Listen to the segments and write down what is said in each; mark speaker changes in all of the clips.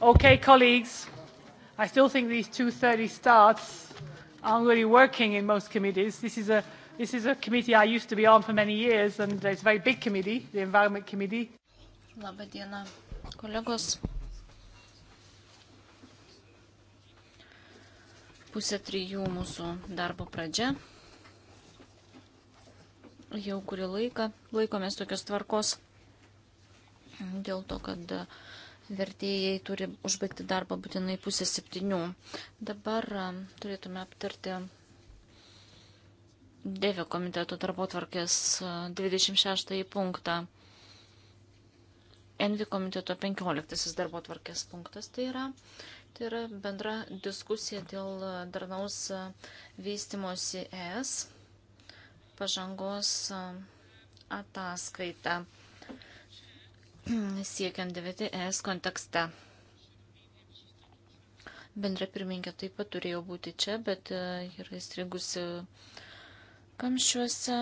Speaker 1: Okay, colleagues, I still think these 2.30 starts aren't really working in most committees. This is, a, this is a committee I used to be on for many years, and it's a very big committee, the Environment Committee.
Speaker 2: Labą dieną,
Speaker 1: kolegos. Pusė
Speaker 2: trijų mūsų darbo pradžia. Jau kurį laiką laikomės tokios tvarkos dėl to, kad uh, Vertėjai turi užbaigti darbą būtinai pusę septynių. Dabar turėtume aptarti Dėvio komiteto darbo tvarkės 26 punktą. Envi komiteto 15 darbo tvarkės punktas tai yra. Tai yra bendra diskusija dėl darnaus vystimosi ES pažangos ataskaita siekiant DVTS kontekste. Bendra pirmininkė taip pat turėjo būti čia, bet e, yra įstrigusi kamščiuose.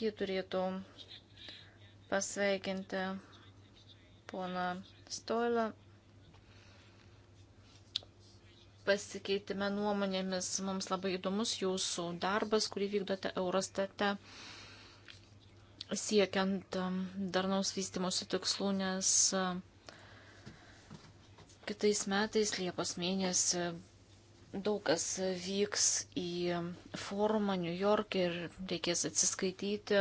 Speaker 2: Ji turėtų pasveikinti poną Stoilą. Pasikeitime nuomonėmis. Mums labai įdomus jūsų darbas, kurį vykdote Eurostate siekiant um, darnaus vystimosi tikslų, nes um, kitais metais, Liepos mėnesį, daug kas vyks į forumą New York ir reikės atsiskaityti,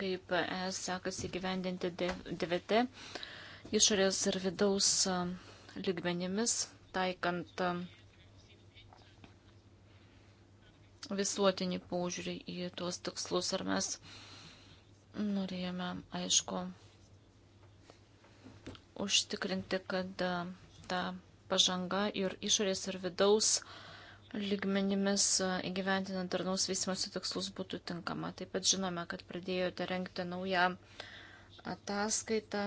Speaker 2: kaip es sekasi gyvendinti DVT išorės ir vidaus um, lygmenimis, taikant visuotinį požiūrį į tuos tikslus, ar mes norėjome, aišku, užtikrinti, kad e, ta pažanga ir išorės ir vidaus lygmenimis e, įgyventinant darnaus vystimosi tikslus būtų tinkama. Taip pat žinome, kad pradėjote renkti naują ataskaitą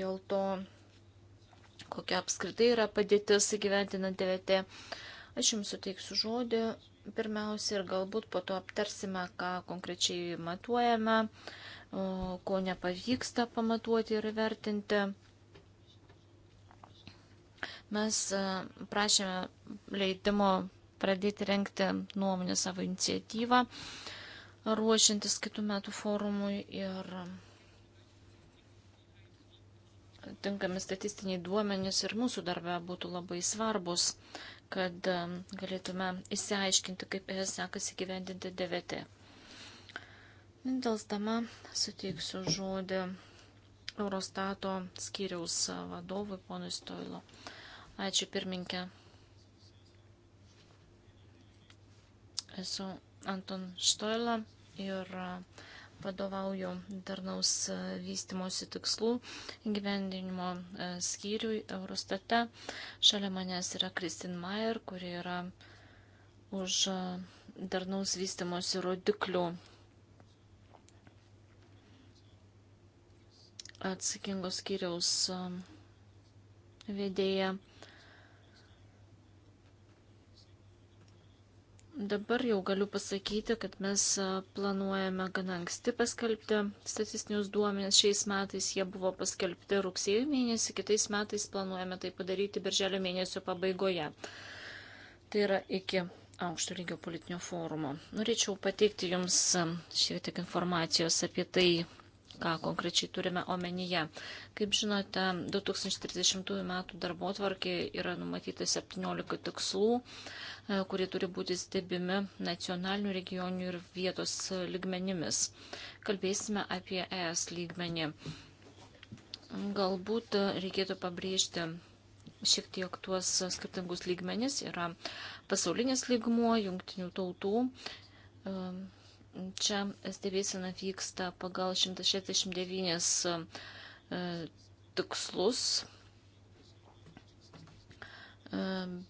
Speaker 2: dėl to, kokia apskritai yra padėtis įgyventinant DVT. Aš jums suteiksiu žodį pirmiausia ir galbūt po to aptarsime, ką konkrečiai matuojame, ko nepavyksta pamatuoti ir vertinti. Mes e, prašėme leidimo pradėti renkti nuomonę savo iniciatyvą, ruošiantis kitų metų forumui ir tinkami statistiniai duomenys ir mūsų darbe būtų labai svarbus kad um, galėtume įsiaiškinti, kaip jas sekasi gyvendinti DVT. Dėlstama suteiksiu žodį Eurostato skyriaus vadovui, ponui Stoilo. Ačiū pirminkė. Esu Anton Stoila ir uh, vadovauju darnaus e, vystimosi tikslų gyvendinimo e, skyriui Eurostate. Šalia manęs yra Kristin Mayer, kuri yra už e, darnaus vystimosi rodiklių atsakingos skyriaus vedėja. Dabar jau galiu pasakyti, kad mes planuojame gana anksti paskelbti statistinius duomenis. Šiais metais jie buvo paskelbti rugsėjo mėnesį, kitais metais planuojame tai padaryti birželio mėnesio pabaigoje. Tai yra iki aukšto lygio politinio forumo. Norėčiau pateikti Jums šiek tiek informacijos apie tai, ką konkrečiai turime omenyje. Kaip žinote, 2030 m. darbo tvarkė yra numatyta 17 tikslų, e, kurie turi būti stebimi nacionalinių, regionių ir vietos lygmenimis. Kalbėsime apie ES lygmenį. Galbūt reikėtų pabrėžti šiek tiek tuos skirtingus lygmenis. Yra pasaulinis lygmuo, jungtinių tautų e, Čia stebėsena vyksta pagal 169 e, tikslus. E,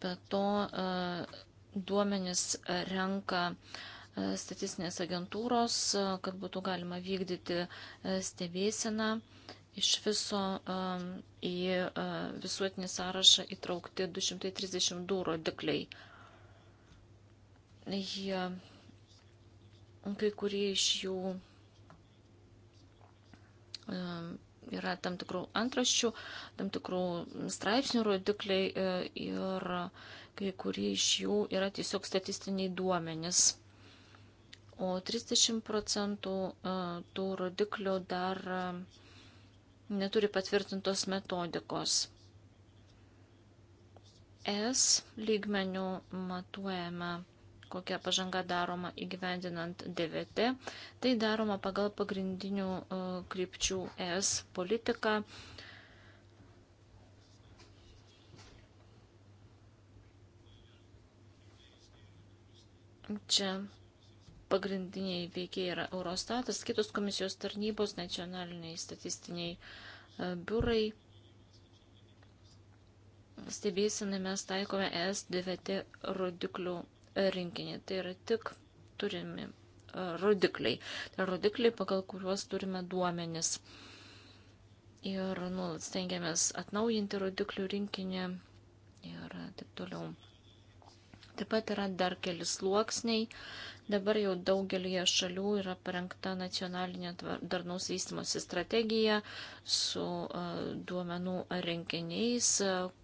Speaker 2: be to e, duomenis renka statistinės agentūros, kad būtų galima vykdyti stebėseną. Iš viso į visuotinį sąrašą įtraukti 232 rodikliai. Jie Kai kurie iš jų yra tam tikrų antraščių, tam tikrų straipsnių rodikliai e, ir kai kurie iš jų yra tiesiog statistiniai duomenys. O 30 procentų e, tų rodiklių dar e, neturi patvirtintos metodikos. S lygmenių matuojame kokia pažanga daroma įgyvendinant DVT. Tai daroma pagal pagrindinių e, krypčių ES politiką. Čia pagrindiniai veikiai yra Eurostatas, kitos komisijos tarnybos, nacionaliniai statistiniai e, biurai stebėsinai mes taikome ES DVT rodiklių rinkinį. Tai yra tik turimi e, rodikliai. Tai yra rodikliai, pagal kuriuos turime duomenis. Ir nuolat stengiamės atnaujinti rodiklių rinkinį ir taip toliau. Taip pat yra dar keli sluoksniai. Dabar jau daugelie šalių yra parengta nacionalinė darnaus vystimosi strategija su duomenų rinkiniais,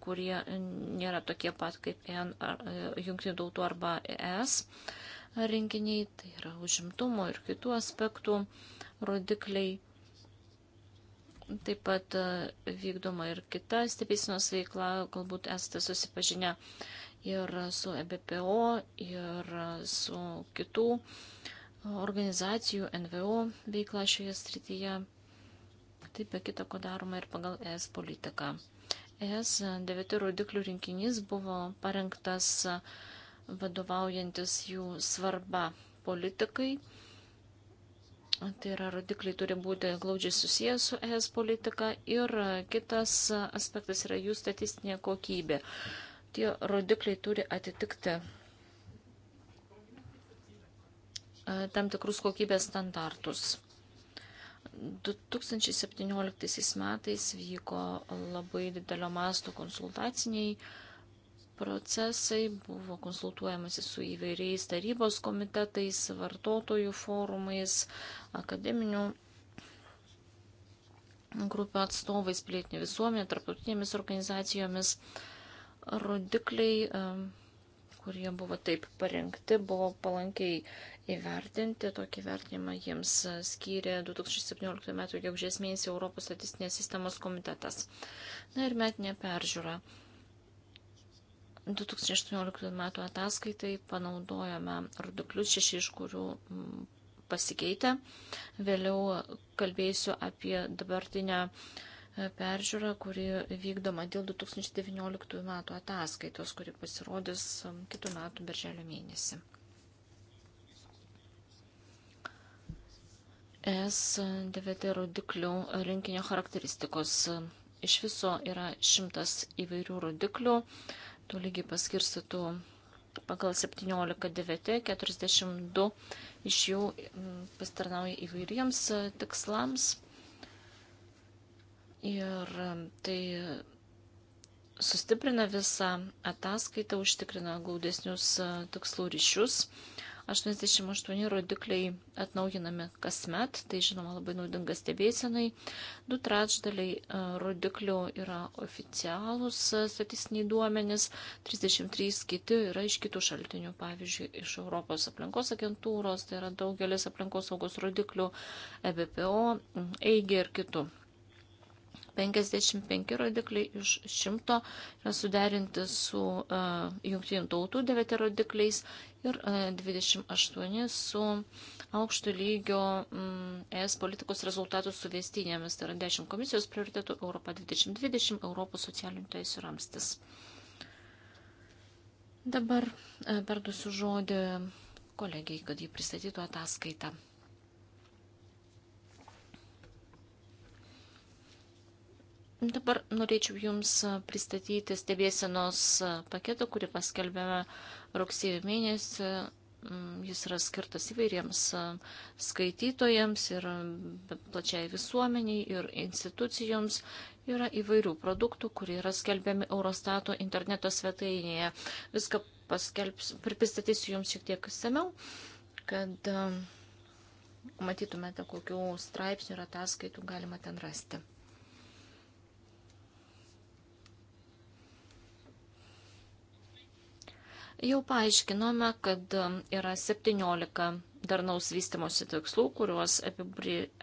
Speaker 2: kurie nėra tokie pat kaip Junktinių tautų arba ES rinkiniai, tai yra užimtumo ir kitų aspektų rodikliai. Taip pat vykdoma ir kita stebėsinos veikla, galbūt esate susipažinę ir su EBPO, ir su kitų e, organizacijų NVO veikla šioje srityje. Taip be kita, ko daroma ir pagal ES politiką. ES deveti rodiklių rinkinys buvo parengtas vadovaujantis jų svarba politikai. Tai yra rodikliai turi būti glaudžiai susijęs su ES politika ir kitas aspektas yra jų statistinė kokybė. Tie rodikliai turi atitikti e, tam tikrus kokybės standartus. 2017 metais vyko labai didelio masto konsultaciniai procesai, buvo konsultuojamasi su įvairiais tarybos komitetais, vartotojų forumais, akademinių grupių atstovais, pilietinė visuomenė, tarptautinėmis organizacijomis. Uh, rodikliai, kurie buvo taip parengti, buvo palankiai įvertinti. Tokį vertinimą jiems e, skyrė 2017 m. gegužės mėnesį Europos statistinės sistemos komitetas. Na ir metinė peržiūra. 2018 m. ataskaitai panaudojame rodiklius, šeši iš kurių pasikeitė. Vėliau kalbėsiu apie dabartinę uh, peržiūrą, kuri vykdoma dėl 2019 metų ataskaitos, kuri pasirodys um, kitų metų birželio mėnesį. SDVT rodiklių rinkinio charakteristikos. Iš viso yra šimtas įvairių rodiklių, tolygiai paskirstytų pagal 17 DVT, 42 iš jų mm, pasitarnauja įvairiems e, tikslams Ir um, tai sustiprina visą ataskaitą, užtikrina glaudesnius tikslų ryšius. 88 rodikliai atnaujinami kasmet, tai žinoma labai naudinga stebėsenai. Du trečdaliai rodiklių yra oficialūs statistiniai duomenys, 33 kiti yra iš kitų šaltinių, pavyzdžiui, iš Europos aplinkos agentūros, tai yra daugelis aplinkos saugos rodiklių, EBPO, EIG ir kitų. 55 rodikliai iš 100 yra suderinti su uh, jungtinių tautų 9 rodikliais ir e, uh, 28 su aukšto lygio um, ES politikos rezultatų suvestinėmis. Tai yra 10 komisijos prioritetų Europa 2020, Europos socialinių teisų ramstis. Dabar uh, e, perdusiu žodį kolegijai, kad jį pristatytų ataskaitą. Dabar norėčiau Jums pristatyti stebėsenos paketą, kurį paskelbėme rugsėjo mėnesį. Mm, jis yra skirtas įvairiems skaitytojams ir mm, plačiai visuomeniai ir institucijoms. Yra įvairių produktų, kurie yra skelbiami Eurostato interneto svetainėje. Viską pristatysiu Jums šiek tiek samiau, kad matytumėte, kokių straipsnių ir ataskaitų galima ten rasti. Jau paaiškinome, kad um, yra 17 darnaus vystimosi tikslų, kuriuos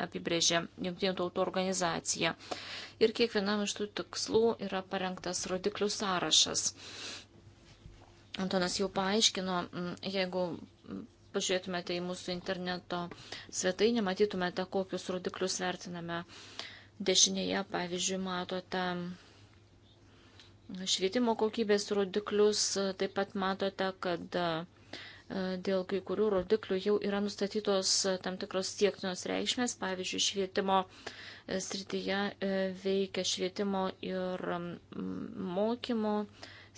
Speaker 2: apibrėžė Junktinių tautų organizacija. Ir kiekvienam iš tų tikslų yra parengtas rodiklių sąrašas. Antonas jau paaiškino, jeigu pažiūrėtumėte į mūsų interneto svetainę, matytumėte, kokius rodiklius vertiname. Dešinėje, pavyzdžiui, matote švietimo kokybės rodiklius. Taip pat matote, kad e, dėl kai kurių rodiklių jau yra nustatytos e, tam tikros siektinos reikšmės. Pavyzdžiui, švietimo e, srityje veikia švietimo ir mokymo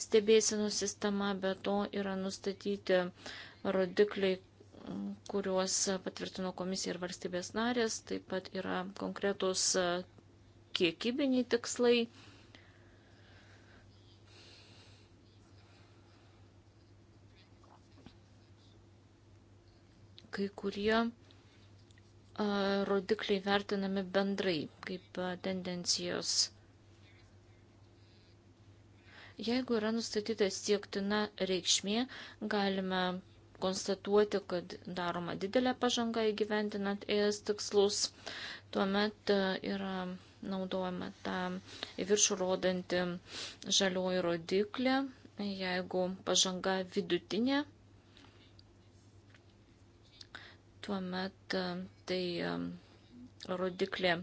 Speaker 2: stebėsinų sistema, bet to yra nustatyti rodikliai, kuriuos patvirtino komisija ir valstybės narės. Taip pat yra konkretus kiekybiniai tikslai kai kurie rodikliai vertinami bendrai kaip tendencijos. Jeigu yra nustatyta siektina reikšmė, galime konstatuoti, kad daroma didelė pažanga įgyvendinant ES tikslus, tuomet yra naudojama ta į viršų rodanti žalioji rodiklė, jeigu pažanga vidutinė tuomet e, tai e, rodiklė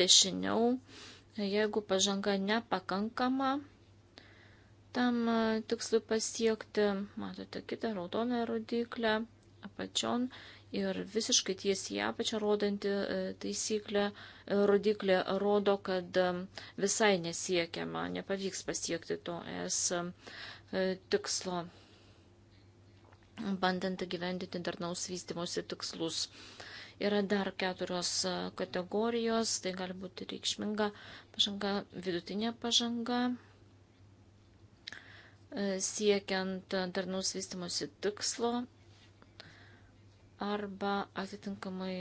Speaker 2: dešiniau. Jeigu pažanga nepakankama tam e, tikslui pasiekti, matote kitą raudoną rodiklę apačion ir visiškai tiesiai apačią rodanti taisyklė, rodiklė rodo, kad visai nesiekiama, nepavyks pasiekti to es tikslo bandant gyvendyti darnaus vystimosi tikslus. Yra dar keturios e, kategorijos, tai gali būti reikšminga pažanga, vidutinė pažanga, e, siekiant darnaus vystimosi tikslo arba atitinkamai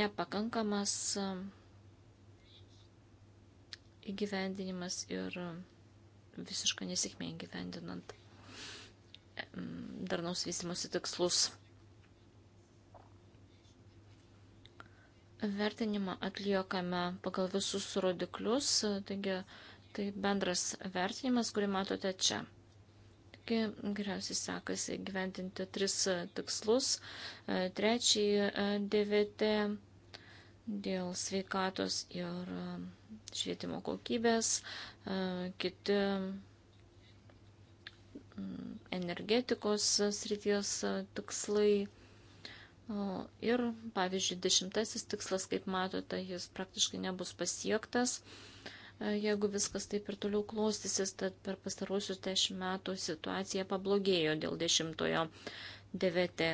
Speaker 2: nepakankamas e, įgyvendinimas ir visiška nesėkmė įgyvendinant. Mm, darnaus vystimosi tikslus. Vertinimą atliekame pagal visus rodiklius, taigi tai bendras vertinimas, kurį matote čia. Taigi, geriausiai sekasi gyventinti tris tikslus. E, Trečiąjį e, DVT dėl sveikatos ir e, švietimo kokybės, kiti energetikos srities e, tikslai. Ir, pavyzdžiui, dešimtasis tikslas, kaip matote, jis praktiškai nebus pasiektas, e, jeigu viskas taip ir toliau klostysis, tad per pastarosius dešimt metų situacija pablogėjo dėl dešimtojo DVT.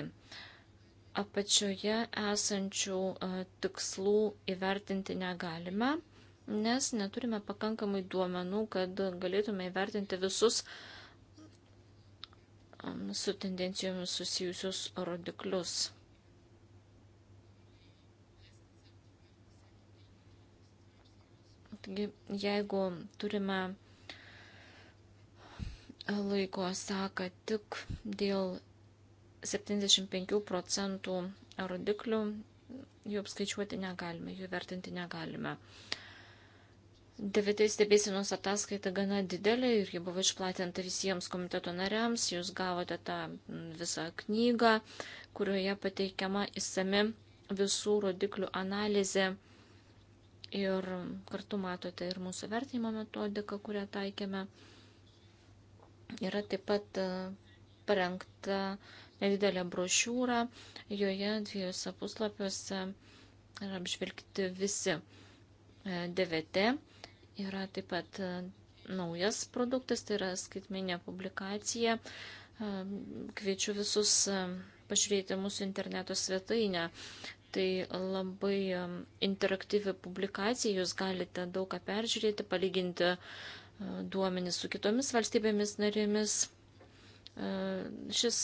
Speaker 2: Apačioje esančių e, tikslų įvertinti negalime, nes neturime pakankamai duomenų, kad galėtume įvertinti visus uh, Um, su tendencijomis susijusius rodiklius. Taigi, jeigu turime e, laiko seka tik dėl 75 procentų rodiklių, jų apskaičiuoti negalime, jų vertinti negalime. DVT stebėsienos ataskaita gana didelė ir ji buvo išplatinta visiems komiteto nariams. Jūs gavote tą visą knygą, kurioje pateikiama įsami visų rodiklių analizė. Ir kartu matote ir mūsų vertinimo metodiką, kurią taikėme. Yra taip pat e, parengta nedidelė brošiūra, joje dviejose puslapiuose yra apžvelgti visi e, DVT Yra taip pat e, naujas produktas, tai yra skaitminė publikacija. E, kviečiu visus e, pažiūrėti mūsų interneto svetainę. Tai labai interaktyvi publikacija, jūs galite daug ką peržiūrėti, palyginti duomenis su kitomis valstybėmis narėmis. Šis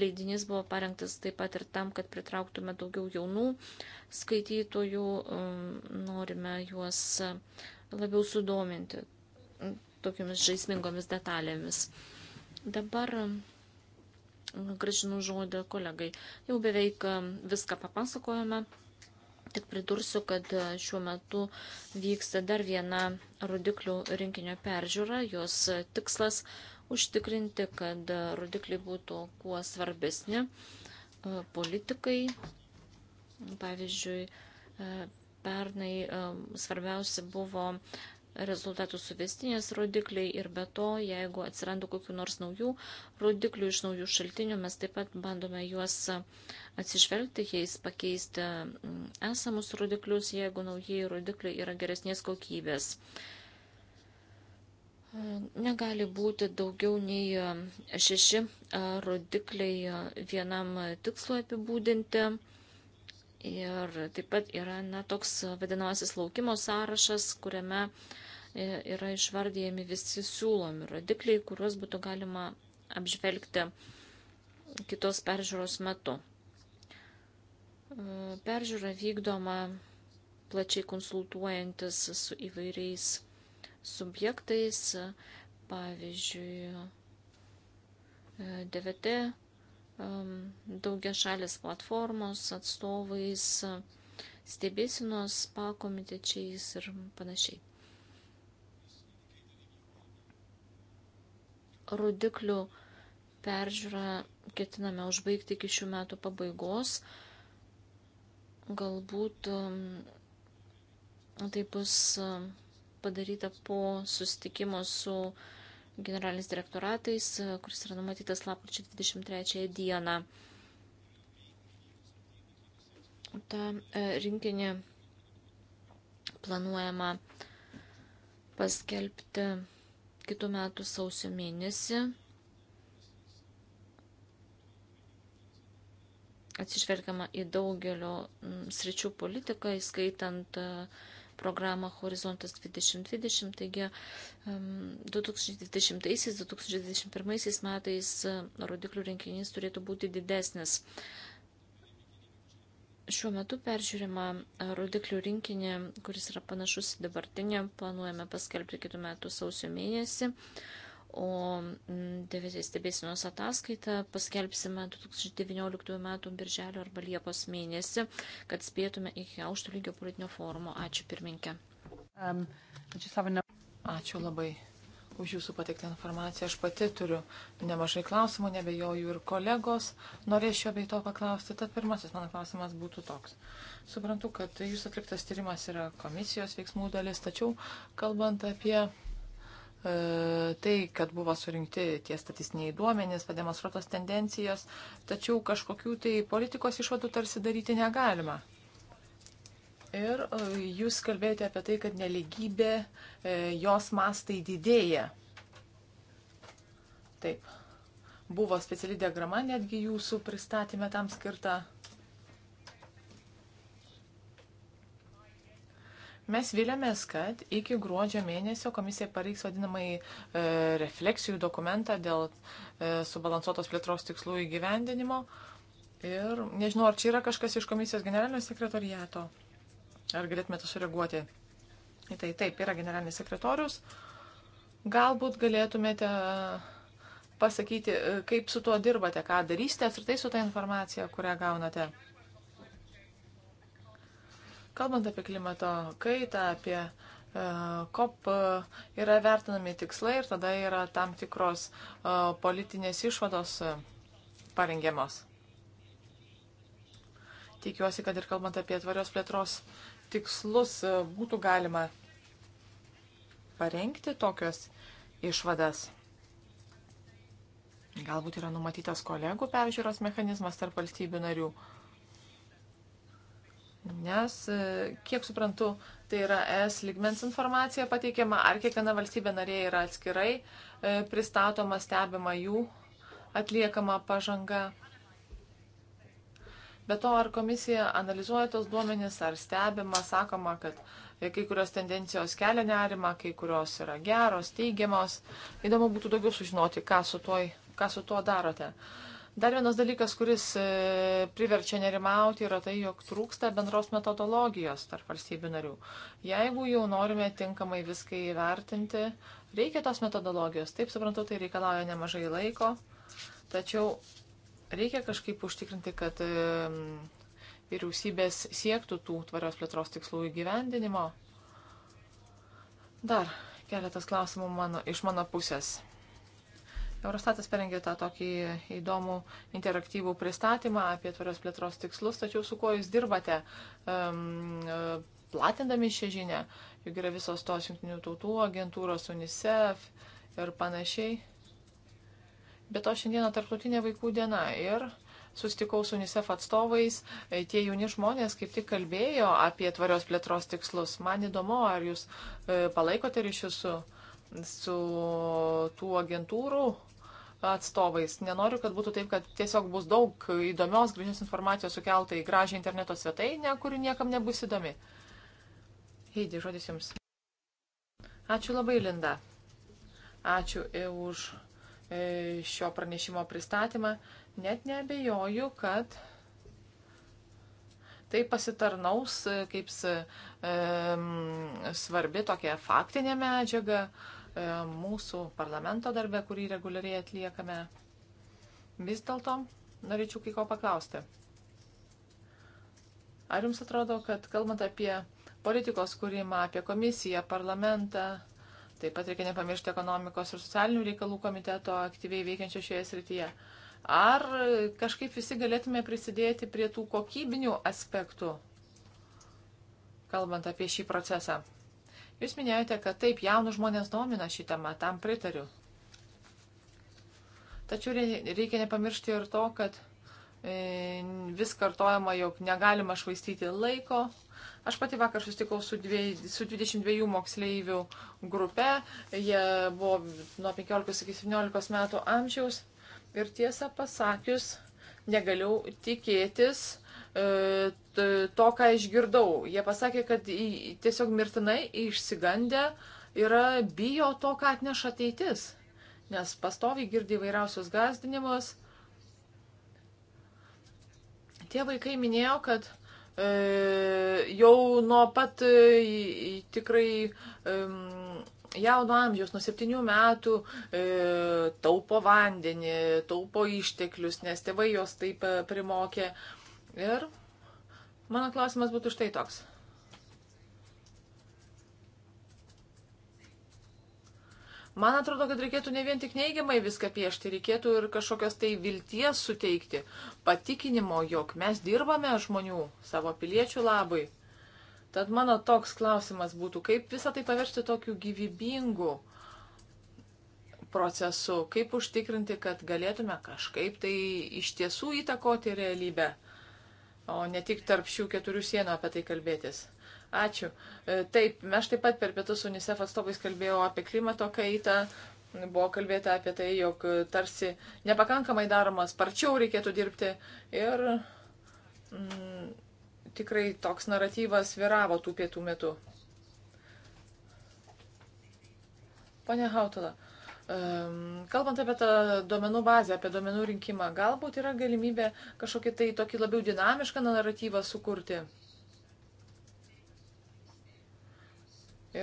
Speaker 2: leidinys buvo parengtas taip pat ir tam, kad pritrauktume daugiau jaunų skaitytojų. Norime juos labiau sudominti tokiamis žaismingomis detalėmis. Dabar mm, gražinu žodį kolegai. Jau beveik mm, viską papasakojame. Tik pridursiu, kad e, šiuo metu vyksta dar viena rodiklių rinkinio peržiūra. Jos e, tikslas užtikrinti, kad e, rodikliai būtų kuo svarbesni politikai, pavyzdžiui, Pernai svarbiausia buvo rezultatų suvestinės rodikliai ir be to, jeigu atsiranda kokiu nors naujų rodiklių iš naujų šaltinių, mes taip pat bandome juos atsižvelgti, jais pakeisti esamus rodiklius, jeigu naujieji rodikliai yra geresnės kokybės. Negali būti daugiau nei šeši rodikliai vienam tikslui apibūdinti Ir taip pat yra na, toks vadinamasis laukimo sąrašas, kuriame e, yra išvardyjami visi siūlomi rodikliai, kuriuos būtų galima apžvelgti kitos peržiūros metu. E, peržiūra vykdoma plačiai konsultuojantis su įvairiais subjektais, pavyzdžiui, e, DVT daugia šalis platformos atstovais, stebėsinos pakomitečiais ir panašiai. Rodiklių peržiūrą ketiname užbaigti iki šių metų pabaigos. Galbūt tai bus padaryta po sustikimo su uh, generaliniais direktoratais, kuris yra numatytas lapkričio 23 dieną. Ta e, rinkinį planuojama paskelbti kitų metų sausio mėnesį. Atsižvelgiama į daugelio sričių politiką, įskaitant uh, programą Horizontas 2020. Taigi 2020-2021 metais rodiklių rinkinys turėtų būti didesnis. Šiuo metu peržiūrima e, rodiklių rinkinį, kuris yra panašus į dabartinį, planuojame paskelbti kitų metų sausio mėnesį o mm, devizijos stebėsinos ataskaitą paskelbsime 2019 m. birželio arba liepos mėnesį,
Speaker 1: kad spėtume iki aukšto lygio politinio forumo. Ačiū pirminkė. Um, Ačiū labai už jūsų pateiktą informaciją. Aš pati turiu nemažai klausimų, nebejoju ir kolegos norės šio bei to paklausti. Tad pirmasis mano klausimas būtų toks. Suprantu, kad jūsų atliktas tyrimas yra komisijos veiksmų dalis, tačiau kalbant apie E, tai, kad buvo surinkti tie statistiniai duomenys, pademonstruotos tendencijos, tačiau kažkokių tai politikos išvadų tarsi daryti negalima. Ir e, jūs kalbėjote apie tai, kad neligybė, e, jos mastai didėja. Taip. Buvo speciali diagrama netgi jūsų pristatymė tam skirta. Mes vilėmės, kad iki gruodžio mėnesio komisija pareiks vadinamai e, refleksijų dokumentą dėl e, subalansuotos plėtros tikslų įgyvendinimo. Ir nežinau, ar čia yra kažkas iš komisijos generalinio sekretoriato. Ar galėtumėte sureaguoti į tai? Taip, yra generalinis sekretorius. Galbūt galėtumėte pasakyti, e, kaip su tuo dirbate, ką darysite apskritai su tą informacija, kurią gaunate. Kalbant apie klimato kaitą, apie COP e, e, yra vertinami tikslai ir tada yra tam tikros e, politinės išvados parengiamos. Tikiuosi, kad ir kalbant apie tvarios plėtros tikslus būtų galima parengti tokios išvadas. Galbūt yra numatytas kolegų peržiūros mechanizmas tarp valstybių narių. Uh, Nes, e, kiek suprantu, tai yra es ligmens informacija pateikiama, ar kiekviena valstybė narė yra atskirai e, pristatoma, stebima jų atliekama pažanga. Be to, ar komisija analizuoja tos duomenys, ar stebima, sakoma, kad e, kai kurios tendencijos kelia nerimą, kai kurios yra geros, teigiamos. Įdomu būtų daugiau sužinoti, ką su, tuo, ką su tuo darote. Uh, Dar vienas dalykas, kuris e, priverčia nerimauti, yra tai, jog trūksta bendros metodologijos tarp valstybių narių. Jeigu jau norime tinkamai viską įvertinti, reikia tos metodologijos. Taip suprantu, tai reikalauja nemažai laiko, tačiau reikia kažkaip užtikrinti, kad e, vyriausybės siektų tų tvarios plėtros tikslų įgyvendinimo. Dar keletas klausimų mano, iš mano pusės. Eurostatas parengė tą tokį įdomų interaktyvų pristatymą apie tvarios plėtros tikslus, tačiau su kuo jūs dirbate um, platindami šią žinią, juk yra visos tos jungtinių tautų agentūros UNICEF ir panašiai. Bet to šiandieną tarptautinė vaikų diena ir sustikau su UNICEF atstovais, e, tie jauni žmonės kaip tik kalbėjo apie tvarios plėtros tikslus. Man įdomu, ar jūs e, palaikote ryšius su su tų agentūrų atstovais. Nenoriu, kad būtų taip, kad tiesiog bus daug įdomios, gražios informacijos sukelta į gražią interneto svetainę, kuri niekam nebus įdomi. Heidi, žodis Jums. Ačiū labai, Linda. Ačiū e, už e, šio pranešimo pristatymą. Net nebejoju, kad tai pasitarnaus e, kaip svarbi tokia faktinė medžiaga. E, E, mūsų parlamento darbę, kurį reguliariai atliekame. Vis dėlto norėčiau kai ko paklausti. Ar jums atrodo, kad kalbant apie politikos kūrimą, apie komisiją, parlamentą, taip pat reikia nepamiršti ekonomikos ir socialinių reikalų komiteto aktyviai veikiančio šioje srityje, ar kažkaip visi galėtume prisidėti prie tų kokybinių aspektų, kalbant apie šį procesą? Jūs minėjote, kad taip jaunų žmonės domina šį temą, tam pritariu. Tačiau reikia nepamiršti ir to, kad e, vis kartojama, jog negalima švaistyti laiko. Aš pati vakar susitikau su, dviej, su 22 moksleivių grupe, jie buvo nuo 15 iki 17 metų amžiaus ir tiesą pasakius, negaliu tikėtis, E, to, ką išgirdau. Jie pasakė, kad tiesiog mirtinai išsigandę yra bijo to, ką atneša ateitis. Nes pastoviai girdi įvairiausius gazdinimus. Tie vaikai minėjo, kad e, jau nuo pat e, tikrai e, jauno amžiaus, nuo septynių metų, e, taupo vandenį, taupo išteklius, nes tėvai jos taip e, primokė. E, Ir mano klausimas būtų štai toks. Man atrodo, kad reikėtų ne vien tik neigiamai viską piešti, reikėtų ir kažkokios tai vilties suteikti, patikinimo, jog mes dirbame žmonių, savo piliečių labai. Tad mano toks klausimas būtų, kaip visą tai paversti tokiu gyvybingu procesu, kaip užtikrinti, kad galėtume kažkaip tai iš tiesų įtakoti realybę o ne tik tarp šių keturių sienų apie tai kalbėtis. Ačiū. E, taip, aš taip pat per pietus UNICEF atstovais kalbėjau apie klimato kaitą. Buvo kalbėta apie tai, jog tarsi nepakankamai daroma, sparčiau reikėtų dirbti. Ir mm, tikrai toks naratyvas vyravo tų pietų metu. Pane Hautala, uh, Kalbant apie tą duomenų bazę, apie duomenų rinkimą, galbūt yra galimybė kažkokį tai tokį labiau dinamišką naratyvą sukurti.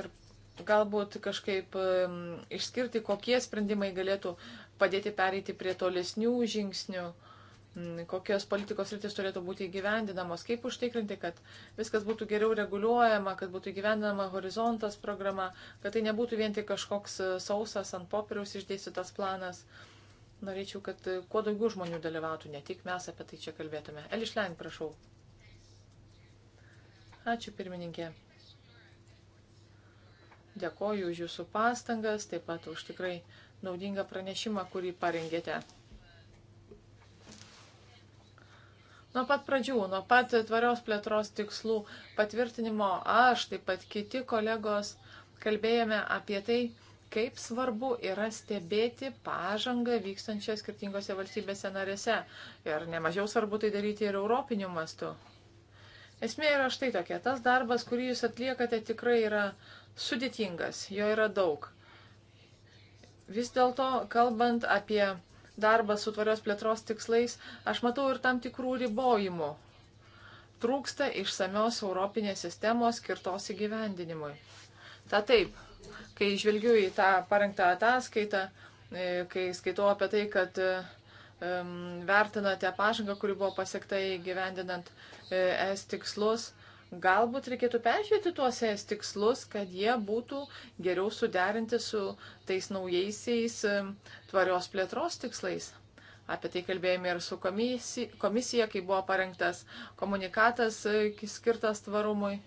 Speaker 1: Ir galbūt kažkaip išskirti, kokie sprendimai galėtų padėti pereiti prie tolesnių žingsnių. Uh, Mm, kokios politikos rytis turėtų būti įgyvendinamos, kaip užtikrinti, kad viskas būtų geriau reguliuojama, kad būtų įgyvendinama horizontas programa, kad tai nebūtų vien tik kažkoks e, sausas ant popieriaus išdėstytas planas. Norėčiau, kad e, kuo daugiau žmonių dalyvautų, ne tik mes apie tai čia kalbėtume. Elišlein, prašau. Ačiū, pirmininkė. Dėkoju už jūsų pastangas, taip pat už tikrai naudingą pranešimą, kurį parengėte. Nuo pat pradžių, nuo pat tvarios plėtros tikslų patvirtinimo aš, taip pat kiti kolegos, kalbėjome apie tai, kaip svarbu yra stebėti pažangą vykstančią skirtingose valstybėse narėse. Ir nemažiau svarbu tai daryti ir europiniu mastu. Esmė yra štai tokia. Tas darbas, kurį jūs atliekate, tikrai yra sudėtingas, jo yra daug. Vis dėlto, kalbant apie darbas su tvarios plėtros tikslais, aš matau ir tam tikrų ribojimų. Trūksta išsamios europinės sistemos skirtos įgyvendinimui. Ta taip, kai žvelgiu į tą parengtą ataskaitą, e, kai skaitau apie tai, kad e, vertinate pažangą, kuri buvo pasiekta įgyvendinant e, es tikslus, Galbūt reikėtų peržiūrėti tuos es tikslus, kad jie būtų geriau suderinti su tais naujaisiais tvarios plėtros tikslais. Apie tai kalbėjome ir su komisija, komisija kai buvo parengtas komunikatas e, skirtas tvarumui.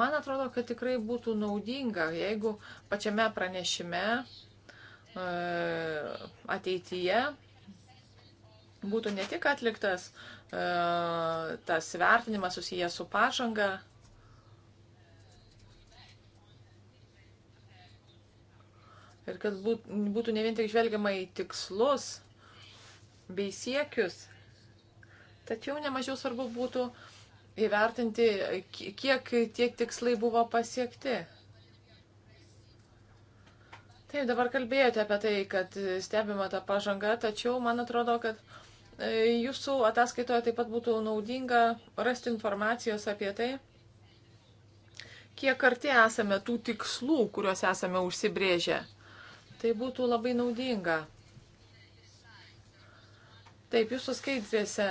Speaker 1: Man atrodo, kad tikrai būtų naudinga, jeigu pačiame pranešime e, ateityje būtų ne tik atliktas e, tas vertinimas susijęs su pažanga, ir kad būtų ne vien tik žvelgiama į tikslus bei siekius, tačiau nemažiau svarbu būtų įvertinti, kiek tie tikslai buvo pasiekti. Taip, dabar kalbėjote apie tai, kad stebima ta pažanga, tačiau man atrodo, kad E, jūsų ataskaitoje taip pat būtų naudinga rasti informacijos apie tai, kiek arti esame tų tikslų, kuriuos esame užsibrėžę. Tai būtų labai naudinga. Taip, jūsų skaidrėse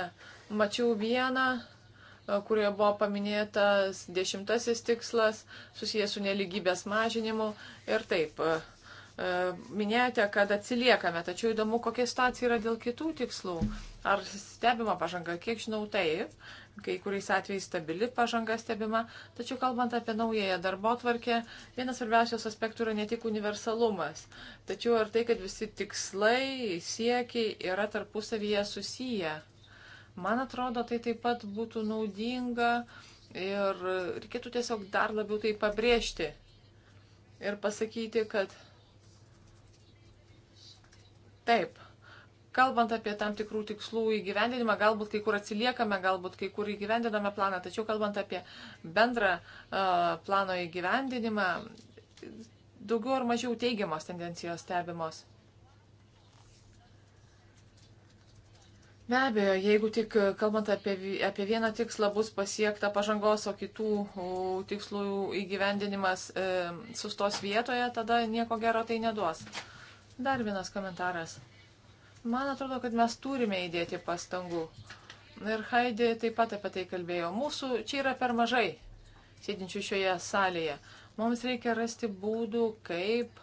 Speaker 1: mačiau vieną, e, kurioje buvo paminėtas dešimtasis tikslas susijęs su neligybės mažinimu ir taip. E, E, minėjote, kad atsiliekame, tačiau įdomu, kokia situacija yra dėl kitų tikslų. Ar stebima pažanga, kiek žinau, taip, kai kuriais atvejais stabili pažanga stebima, tačiau kalbant apie naująją darbo tvarkę, vienas svarbiausias aspektų yra ne tik universalumas, tačiau ir tai, kad visi tikslai, siekiai yra tarpusavyje susiję. Man atrodo, tai taip pat būtų naudinga ir reikėtų tiesiog dar labiau tai pabrėžti ir pasakyti, kad Taip. Kalbant apie tam tikrų tikslų įgyvendinimą, galbūt kai kur atsiliekame, galbūt kai kur įgyvendiname planą, tačiau kalbant apie bendrą uh, plano įgyvendinimą, daugiau ar mažiau teigiamos tendencijos stebimos. Be abejo, jeigu tik kalbant apie, apie vieną tikslą bus pasiekta pažangos, o kitų tikslų įgyvendinimas e, sustos vietoje, tada nieko gero tai neduos. Dar vienas komentaras. Man atrodo, kad mes turime įdėti pastangų. Ir Haidė taip pat apie tai kalbėjo. Mūsų čia yra per mažai sėdinčių šioje salėje. Mums reikia rasti būdų, kaip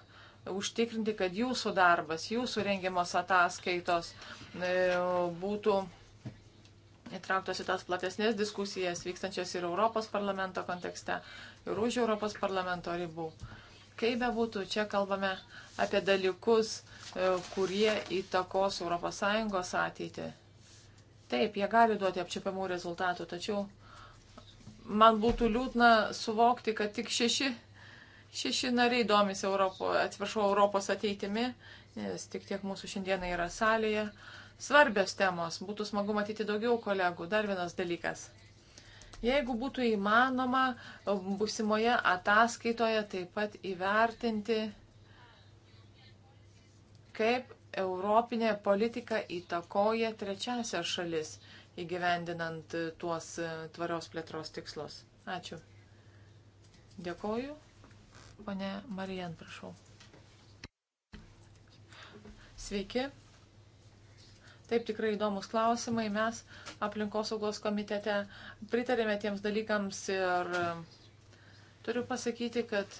Speaker 1: užtikrinti, kad jūsų darbas, jūsų rengiamos ataskaitos e, būtų įtrauktos į tas platesnės diskusijas vykstančias ir Europos parlamento kontekste, ir už Europos parlamento ribų. Kaip bebūtų, čia kalbame apie dalykus, e, kurie įtakos ES ateitį. Taip, jie gali duoti apčiapiamų rezultatų, tačiau man būtų liūdna suvokti, kad tik šeši, šeši nariai domisi Europo, atsiprašau, Europos ateitimi, nes tik tiek mūsų šiandieną yra salėje. Svarbios temos, būtų smagu matyti daugiau kolegų. Dar vienas dalykas. Jeigu būtų įmanoma, e, busimoje ataskaitoje taip pat įvertinti, kaip europinė politika įtakoja trečiasią šalis įgyvendinant tuos e, tvarios plėtros tikslus. Ačiū. Dėkoju. Pane Marijan, prašau. Sveiki. Taip tikrai įdomus klausimai. Mes aplinkosaugos komitete pritarėme tiems dalykams ir e, turiu pasakyti, kad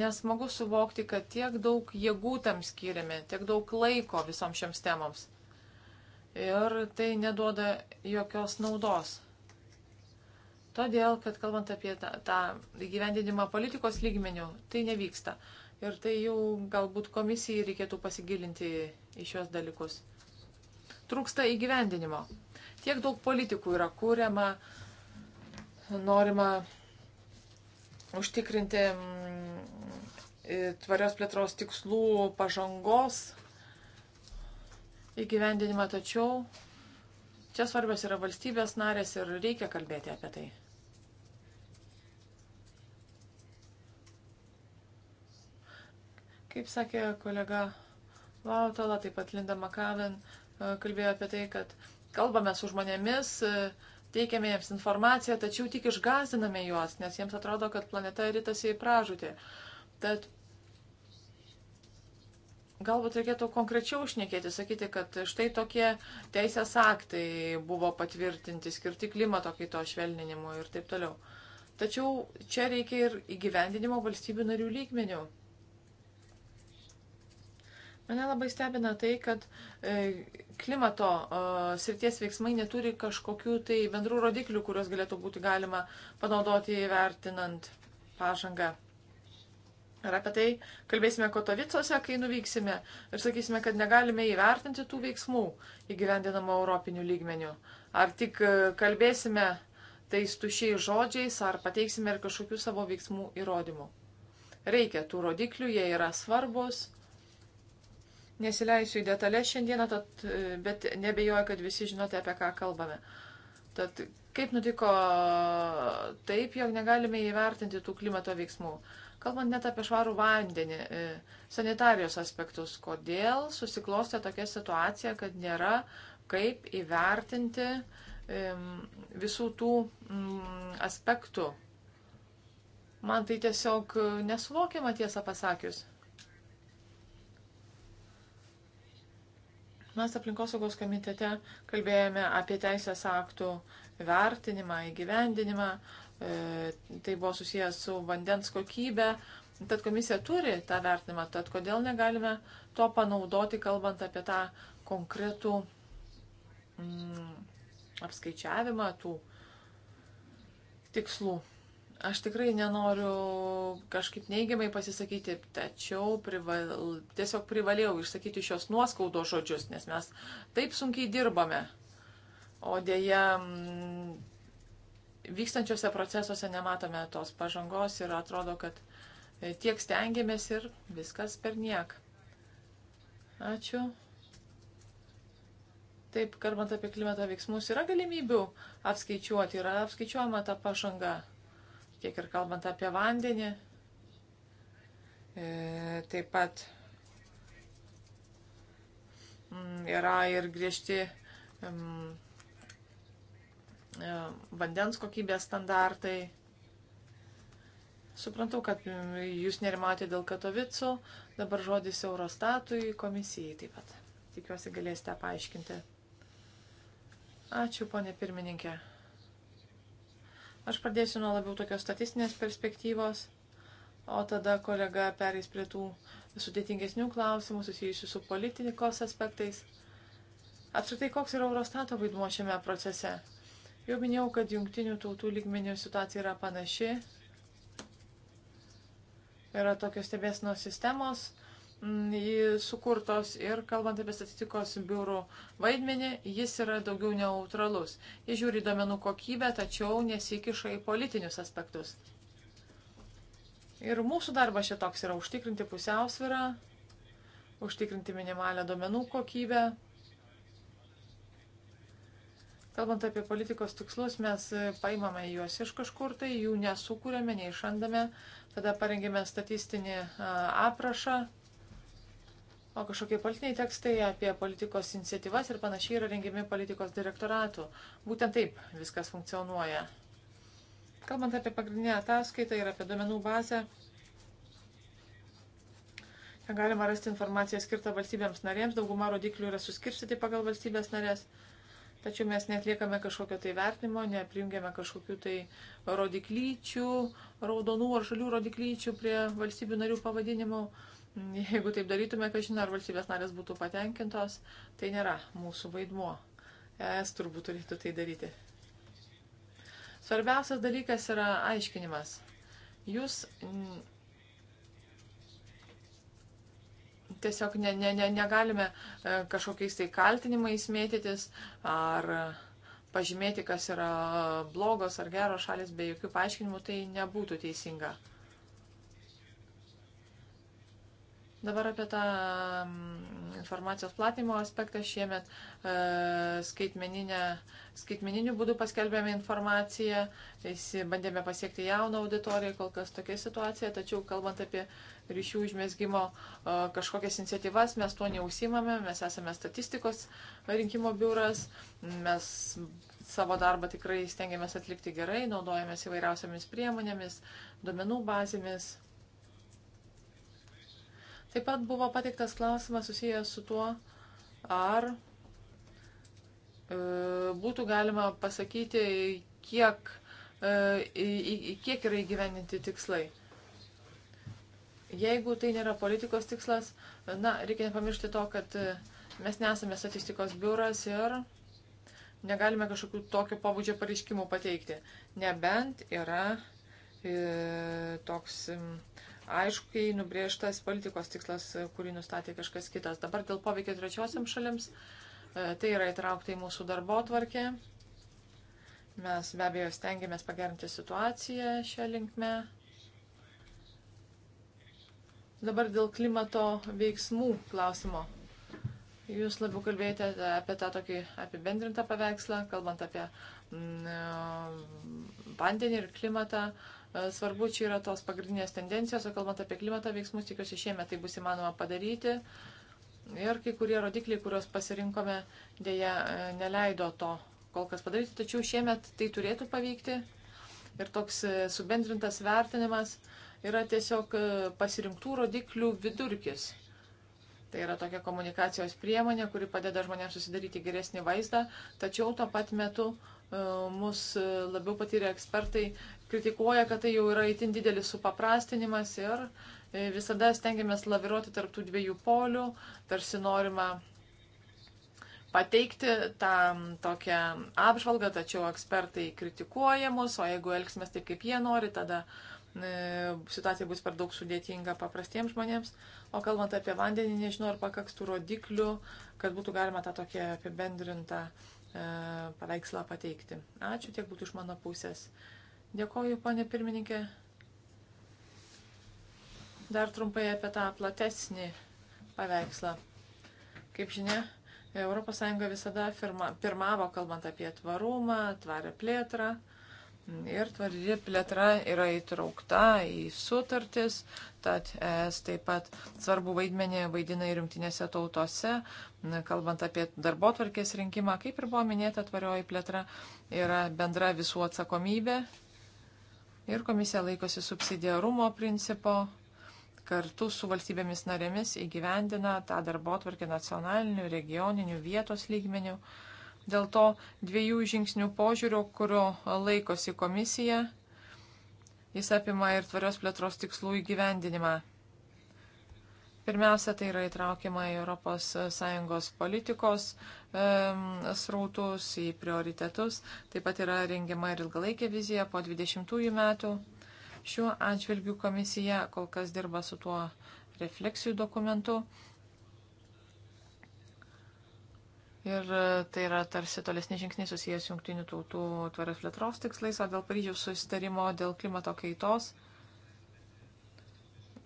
Speaker 1: nesmagu suvokti, kad tiek daug jėgų tam skiriame, tiek daug laiko visom šiems temoms. Ir tai neduoda jokios naudos. Todėl, kad kalbant apie tą, tą įgyvendinimą politikos lygmenių, tai nevyksta. Ir tai jau galbūt komisijai reikėtų pasigilinti į šios dalykus. Trūksta įgyvendinimo. Tiek daug politikų yra kūriama, norima užtikrinti mm, tvarios plėtros tikslų pažangos įgyvendinimą, tačiau čia svarbios yra valstybės narės ir reikia kalbėti apie tai. Kaip sakė kolega Lautala, taip pat Linda Makavin e, kalbėjo apie tai, kad kalbame su žmonėmis, e, teikiame jiems informaciją, tačiau tik išgaziname juos, nes jiems atrodo, kad planeta rytasi į pražūtį. Tad galbūt reikėtų konkrečiau užnekėti, sakyti, kad štai tokie teisės aktai buvo patvirtinti, skirti klimato kaito švelninimu ir taip toliau. Tačiau čia reikia ir įgyvendinimo valstybių narių lygmenių. Mane labai stebina tai, kad e, klimato e, srities veiksmai neturi kažkokių tai bendrų rodiklių, kuriuos galėtų būti galima panaudoti įvertinant pažangą. Ir apie tai kalbėsime Kotovicose, kai nuvyksime ir sakysime, kad negalime įvertinti tų veiksmų įgyvendinamų europinių lygmenių. Ar tik e, kalbėsime tais tušiais žodžiais, ar pateiksime ir kažkokių savo veiksmų įrodymų. Reikia tų rodiklių, jie yra svarbus Nesileisiu į detalę šiandieną, tad, e, bet nebejoju, kad visi žinote, apie ką kalbame. Tad kaip nutiko taip, jog negalime įvertinti tų klimato veiksmų? Kalbant net apie švarų vandenį, e, sanitarijos aspektus, kodėl susiklostė tokia situacija, kad nėra kaip įvertinti visų tų mm, aspektų. Man tai tiesiog e, nesuvokiama tiesą pasakius. Mes aplinkosaugos komitete kalbėjome apie teisės aktų vertinimą, įgyvendinimą, e, tai buvo susijęs su vandens kokybė, tad komisija turi tą vertinimą, tad kodėl negalime to panaudoti, kalbant apie tą konkretų mm, apskaičiavimą tų tikslų. Aš tikrai nenoriu kažkaip neigiamai pasisakyti, tačiau prival, tiesiog privalėjau išsakyti šios nuoskaudo žodžius, nes mes taip sunkiai dirbame. O dėja, mm, vykstančiose procesuose nematome tos pažangos ir atrodo, kad e, tiek stengiamės ir viskas per niek. Ačiū. Taip, kalbant apie klimato veiksmus, yra galimybių apskaičiuoti, yra apskaičiuojama ta pažanga tiek ir kalbant apie vandenį. E, taip pat mm, yra ir griežti mm, e, vandens kokybės standartai. Suprantu, kad jūs nerimavote dėl Katovicų, dabar žodis Eurostatui, komisijai taip pat. Tikiuosi galėsite paaiškinti. Ačiū, ponė pirmininkė. Aš pradėsiu nuo labiau tokios statistinės perspektyvos, o tada kolega pereis prie tų sudėtingesnių klausimų susijusių su politikos aspektais. Apskritai, koks yra Eurostato vaidmuo šiame procese? Jau minėjau, kad jungtinių tautų lygmenių situacija yra panaši. Yra tokios stebėsnos sistemos, sukurtos ir kalbant apie statistikos biurų vaidmenį, jis yra daugiau neutralus. Jis žiūri domenų kokybę, tačiau nesikiša į politinius aspektus. Ir mūsų darbas šitoks yra užtikrinti pusiausvyrą, užtikrinti minimalę domenų kokybę. Kalbant apie politikos tikslus, mes paimame juos iš kažkur, tai jų nesukūrėme, neišrandame, tada parengėme statistinį aprašą, O kažkokie politiniai tekstai apie politikos iniciatyvas ir panašiai yra rengiami politikos direktoratų. Būtent taip viskas funkcionuoja. Kalbant apie pagrindinę ataskaitą ir apie duomenų bazę, ten galima rasti informaciją skirtą valstybėms narėms. Dauguma rodiklių yra suskirstyti pagal valstybės narės. Tačiau mes netliekame kažkokio tai vertinimo, neaprijungiame kažkokių tai rodiklyčių, raudonų ar žalių rodiklyčių prie valstybių narių pavadinimų. Jeigu taip darytume, kažin ar valstybės narės būtų patenkintos, tai nėra mūsų vaidmuo. Es turbūt turėtų tai daryti. Svarbiausias dalykas yra aiškinimas. Jūs tiesiog ne, ne, ne, negalime e, kažkokiais tai kaltinimais mėtytis ar pažymėti, kas yra blogos ar geros šalis be jokių paaiškinimų, tai nebūtų teisinga. Dabar apie tą mm, informacijos platinimo aspektą šiemet e, skaitmeniniu būdu paskelbėme informaciją, bandėme pasiekti jauną auditoriją, kol kas tokia situacija, tačiau kalbant apie ryšių užmėsgymo e, kažkokias iniciatyvas, mes to neusimame, mes esame statistikos rinkimo biuras, mes savo darbą tikrai stengiamės atlikti gerai, naudojamės įvairiausiamis priemonėmis, duomenų bazėmis. Taip pat buvo pateiktas klausimas susijęs su tuo, ar e, būtų galima pasakyti, kiek, e, kiek yra įgyveninti tikslai. Jeigu tai nėra politikos tikslas, na, reikia nepamiršti to, kad e, mes nesame statistikos biuras ir negalime kažkokių tokio pobūdžio pareiškimų pateikti. Nebent yra e, toks. E, aiškiai nubriežtas politikos tikslas, kurį nustatė kažkas kitas. Dabar dėl poveikio trečiosiam šalims, e, tai yra įtraukta į mūsų darbo tvarkę. Mes be abejo stengiamės pagerinti situaciją šią linkmę. Dabar dėl klimato veiksmų klausimo. Jūs labiau kalbėjote apie tą tokį apibendrintą paveikslą, kalbant apie mm, e, vandenį ir klimatą. E, svarbu čia yra tos pagrindinės tendencijos, o kalbant apie klimato veiksmus, tikiuosi šiemet tai bus įmanoma padaryti. Ir kai kurie rodikliai, kuriuos pasirinkome, dėja e, neleido to kol kas padaryti, tačiau šiemet tai turėtų pavykti. Ir toks e, subendrintas vertinimas yra tiesiog pasirinktų rodiklių vidurkis. Tai yra tokia komunikacijos priemonė, kuri padeda žmonėms susidaryti geresnį vaizdą, tačiau tuo pat metu mus labiau patyrę ekspertai kritikuoja, kad tai jau yra itin didelis supaprastinimas ir e, visada stengiamės laviruoti tarptų dviejų polių, tarsi norima pateikti tą tokią apžvalgą, tačiau ekspertai kritikuoja mus, o jeigu elgsimės taip, kaip jie nori, tada e, situacija bus per daug sudėtinga paprastiems žmonėms. O kalbant apie vandenį, nežinau, ar pakaks tų rodiklių, kad būtų galima tą tokią apibendrintą e, paveikslą pateikti. Ačiū, tiek būtų iš mano pusės. Dėkoju, ponė pirmininkė. Dar trumpai apie tą platesnį paveikslą. Kaip žinia, ES visada firma, pirmavo, kalbant apie tvarumą, tvarę plėtrą. Ir tvari plėtra yra įtraukta į sutartis, tad ES taip pat svarbu vaidmenį vaidina ir jungtinėse tautose, kalbant apie darbo tvarkės rinkimą, kaip ir buvo minėta, tvarioji plėtra yra bendra visų atsakomybė ir komisija laikosi subsidiarumo principo, kartu su valstybėmis narėmis įgyvendina tą darbo atvarkę nacionalinių, regioninių, vietos lygmenių. Dėl to dviejų žingsnių požiūrio, kurio laikosi komisija, jis apima ir tvarios plėtros tikslų įgyvendinimą. Pirmiausia, tai yra įtraukiama į ES politikos e, srautus, į prioritetus. Taip pat yra rengiama ir ilgalaikė vizija po 20 metų. Šiuo atžvilgiu komisija kol kas dirba su tuo refleksijų dokumentu. Ir e, tai yra tarsi tolesni žingsniai susijęs jungtinių tautų tvarios plėtros tikslais, o dėl Paryžiaus susitarimo dėl klimato kaitos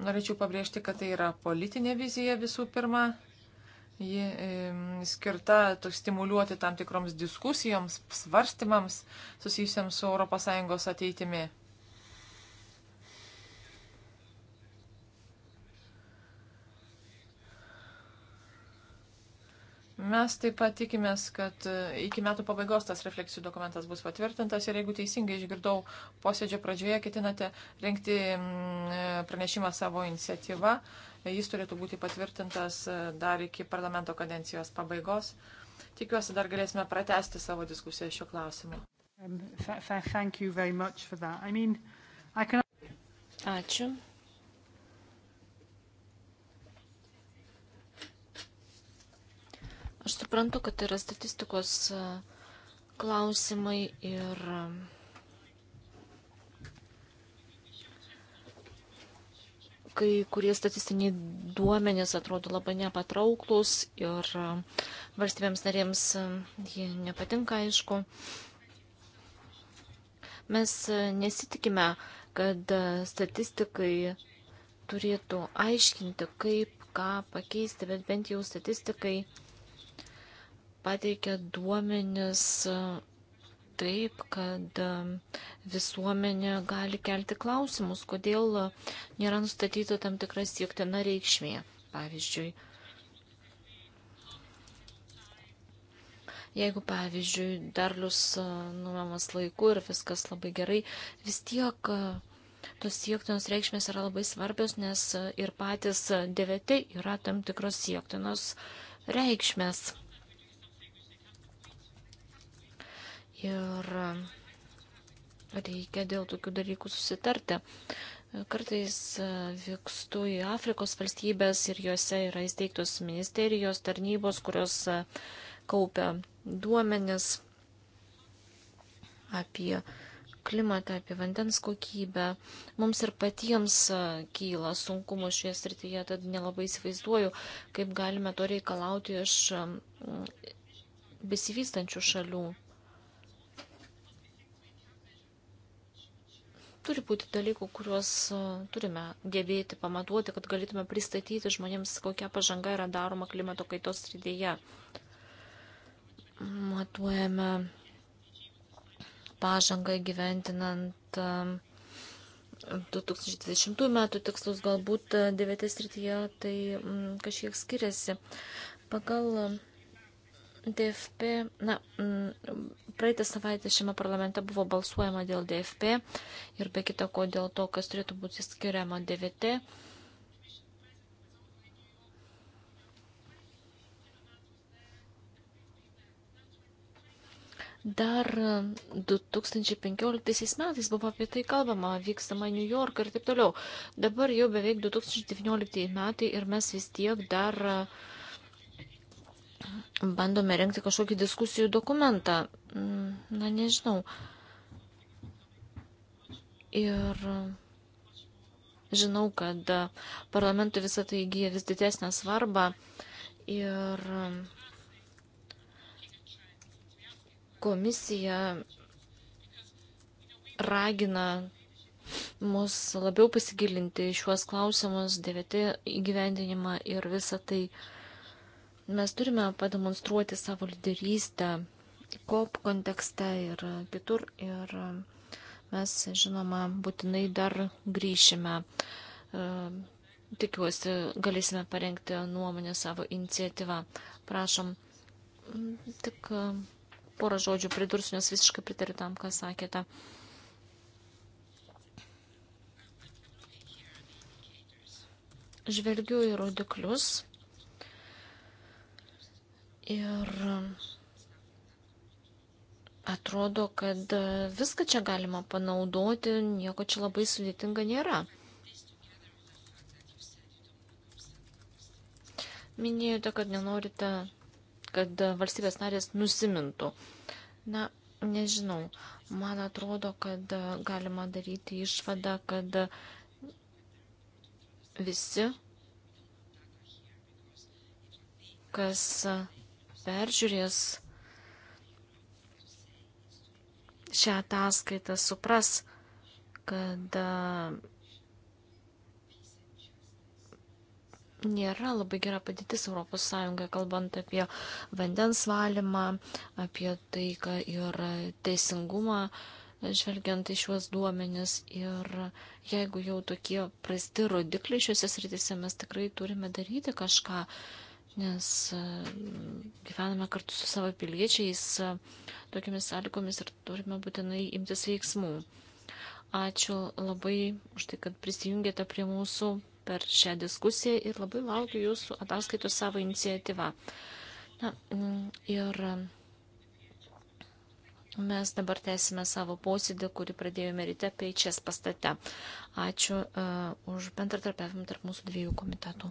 Speaker 1: norėčiau pabrėžti, kad tai yra politinė vizija visų pirma. Ji e, skirta stimuliuoti tam tikroms diskusijoms, svarstymams susijusiams su ES ateitimi. Mes taip pat tikimės, kad e, iki metų pabaigos tas refleksijų dokumentas bus patvirtintas ir jeigu teisingai išgirdau posėdžio pradžioje, ketinate renkti mm, e, pranešimą savo iniciatyvą. Jis turėtų būti patvirtintas e, dar iki parlamento kadencijos pabaigos. Tikiuosi, dar galėsime pratesti savo diskusiją šiuo klausimu. Um, I mean, can... Ačiū.
Speaker 2: Aš suprantu, kad yra statistikos e, klausimai ir e, kai kurie statistiniai duomenys atrodo labai nepatrauklus ir e, valstybėms narėms jie nepatinka, aišku. Mes nesitikime, kad statistikai turėtų aiškinti, kaip ką pakeisti, bet bent jau statistikai pateikia duomenis e, taip, kad e, visuomenė gali kelti klausimus, kodėl nėra nustatyta tam tikra siektina reikšmė. Pavyzdžiui, jeigu, pavyzdžiui, derlius e, numamas laiku ir viskas labai gerai, vis tiek tos siektinos reikšmės yra labai svarbios, nes ir patys dėvėti yra tam tikros siektinos reikšmės. Ir e, reikia dėl tokių dalykų susitarti. E, kartais e, vykstu į Afrikos valstybės ir juose yra įsteigtos ministerijos, tarnybos, kurios kaupia duomenis apie klimatą, apie vandens kokybę. Mums ir patiems kyla sunkumų šioje srityje, tad nelabai įsivaizduoju, kaip galime to reikalauti iš besivystančių šalių. Turi būti dalykų, kuriuos e, turime gebėti pamatuoti, kad galėtume pristatyti žmonėms, kokia pažanga yra daroma klimato kaitos srityje. Matuojame pažangą gyventinant 2020 e, metų tikslus, galbūt e, dėvėtės srityje tai kažkiek skiriasi. Pagal DFP, na, praeitą savaitę šiame parlamente buvo balsuojama dėl DFP ir be kita ko dėl to, kas turėtų būti skiriama DVT. Dar 2015 metais buvo apie tai kalbama, vykstama į New York ir taip toliau. Dabar jau beveik 2019 metai ir mes vis tiek dar uh, bandome renkti kažkokį diskusijų dokumentą. Mm, na, nežinau. Ir žinau, kad parlamentui visą tai įgyja vis didesnę svarbą. Ir komisija ragina mus labiau pasigilinti šiuos klausimus, dėvėti įgyvendinimą ir visą tai uh, Mes turime pademonstruoti savo lyderystę COP kontekste ir kitur. Ir mes, žinoma, būtinai dar grįšime. E, tikiuosi, galėsime parengti nuomonę savo iniciatyvą. Prašom, tik porą žodžių pridursiu, nes visiškai pritariu tam, ką sakėte. žvelgiu į rodiklius Ir atrodo, kad viską čia galima panaudoti, nieko čia labai sudėtinga nėra. Minėjote, kad nenorite, kad valstybės narės nusimintų. Na, nežinau, man atrodo, kad galima daryti išvadą, kad visi, kas peržiūrės šią ataskaitą, supras, kad nėra labai gera padėtis ES, kalbant apie vandens valymą, apie taiką ir teisingumą, žvelgiant į šiuos duomenis. Ir jeigu jau tokie prasti rodikliai šiuose srityse, mes tikrai turime daryti kažką nes e, gyvename kartu su savo piliečiais e, tokiamis sąlygomis ir turime būtinai imtis veiksmų. Ačiū labai už tai, kad prisijungėte prie mūsų per šią diskusiją ir labai laukiu jūsų ataskaitos savo iniciatyvą. Na, mm, ir e, mes dabar tęsime savo posėdį, kurį pradėjome ryte Peičias pastate. Ačiū uh, už bendratarpiavimą tarp mūsų dviejų komitetų.